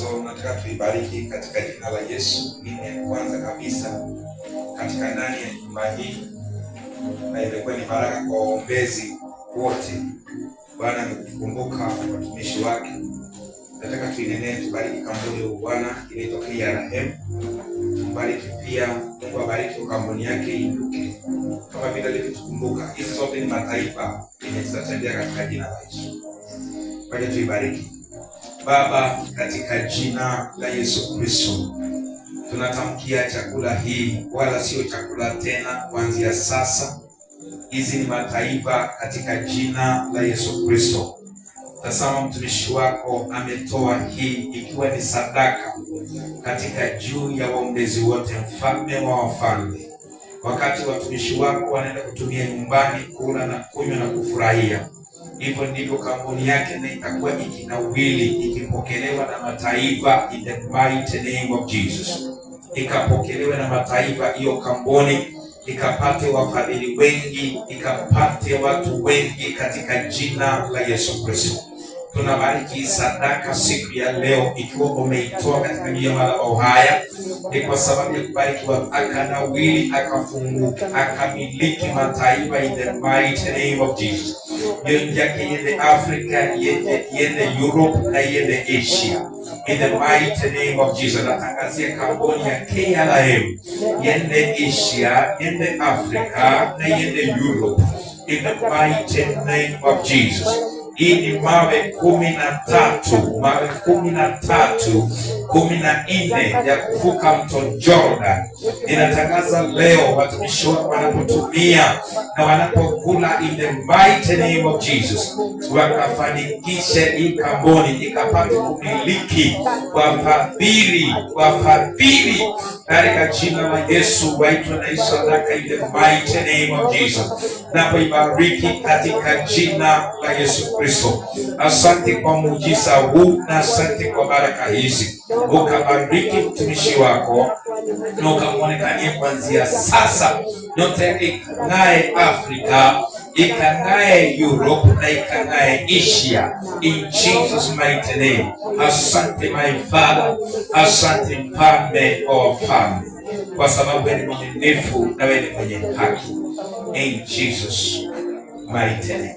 So nataka tuibariki katika jina la Yesu. Mimi ya kwanza kabisa katika ndani ya nyumba hii, na imekuwa ni baraka kwa waombezi wote. Bwana amekukumbuka watumishi wake. Nataka tuinenee, tubariki kampuni ya Bwana, inaitwa KRM. Tubariki pia, Mungu abariki kampuni yake iduke kama vile alivyotukumbuka. Hizi zote ni mataifa yenye zitatembea katika jina la Yesu. Waje tuibariki. Baba, katika jina la Yesu Kristo tunatamkia chakula hii, wala sio chakula tena kuanzia sasa. Hizi ni mataifa katika jina la Yesu Kristo. Tazama mtumishi wako ametoa hii ikiwa ni sadaka katika juu ya waombezi wote, mfalme wa wafalme. Wakati watumishi wako wanaenda kutumia nyumbani, kula na kunywa na kufurahia Hivyo ndivyo kampuni yake na itakuwa ikinawili, ikipokelewa na mataifa in the mighty name of Jesus, ikapokelewa na mataifa hiyo kampuni ikapate wafadhili wengi, ikapate watu wengi katika jina la Yesu Kristo. Tunabariki sadaka siku ya leo, ikiwa umeitoa katika jiama la Ohaya, ni kwa sababu ya kubarikiwa, akanawili, akafunguka, akamiliki mataifa in the mighty name of Jesus yoingia kiende Afrika, yende yende Europe na yende Asia. In the mighty name of Jesus, natangazia kampuni ya KLM yende Asia, yende Afrika na yende Europe. In the mighty name of Jesus. Hii ni mawe kumi na tatu, mawe kumi na tatu, kumi na nne ya kuvuka mto Jordan. Ninatangaza leo watumishi wako wanapotumia na wanapokula in the mighty name of Jesus, wakafanikishe hii kaboni ikapate kumiliki kwa fadhili katika jina la Yesu, waitwe na sadaka in the mighty name of Jesus, napoibariki katika jina la Yesu Kristo. Kristo. Asante kwa muujiza huu na asante kwa baraka hizi, ukabariki mtumishi wako na ukamwonekanie kuanzia sasa, yote ikang'ae Afrika, ikang'ae Europe na ikang'ae Asia, in Jesus mighty name. Asante my Father, asante mfalme wa wafalme, kwa sababu wewe ni mwaminifu na wewe ni mwenye haki, in Jesus mighty name.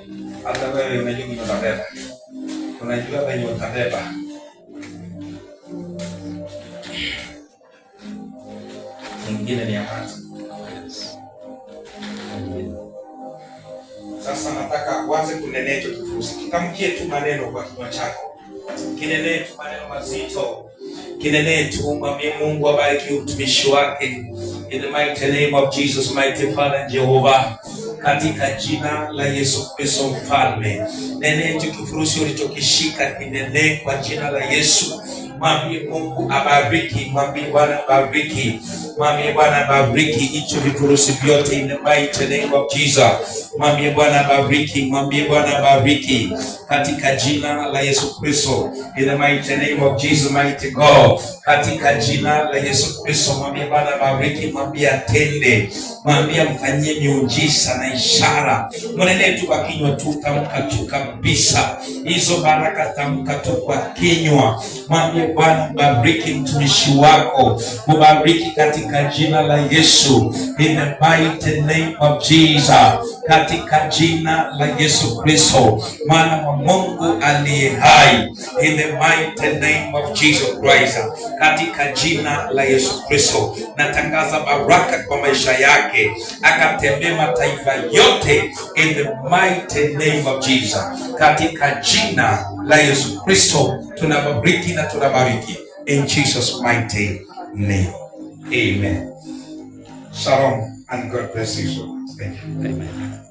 wewe unajua mwenye utabeba, unajua wenye utabeba. Mwingine ni amani. Sasa nataka uanze kunenea hicho kifurusi, kitamkie tu maneno kwa kinywa chako, kinenee tu maneno mazito, kinenee tu, mwambie Mungu abariki utumishi wake, in the mighty name of Jesus, mighty Father Jehovah katika jina la Yesu Kristo mfalme. Nene hicho kifurushi ulichokishika kinene kwa jina la Yesu Mwambie Mungu abariki, mwambie Bwana abariki, mwambie Bwana abariki hicho vifurushi vyote in the mighty name of Jesus. Mwambie Bwana abariki, mwambie Bwana abariki katika jina la Yesu Kristo, in the mighty name of Jesus, mighty God, katika jina la Yesu Kristo. Mwambie Bwana abariki, mwambie atende, mwambie mfanyie miujiza na ishara. Mwenende tu kwa kinywa tu, tamka tu kabisa hizo baraka, tamka tu kwa kinywa, mwambie Bwana mbariki mtumishi wako, mubariki katika jina la Yesu, in the mighty name of Jesus katika jina la Yesu Kristo mwana wa Mungu aliye hai, in the mighty name of Jesus Christ, katika jina la Yesu Kristo natangaza baraka kwa maisha yake, akatembea mataifa yote, in the mighty name of Jesus, katika jina la Yesu Kristo tunabariki na tunabariki in Jesus mighty name, amen. Shalom and God bless you. Amen. Amen.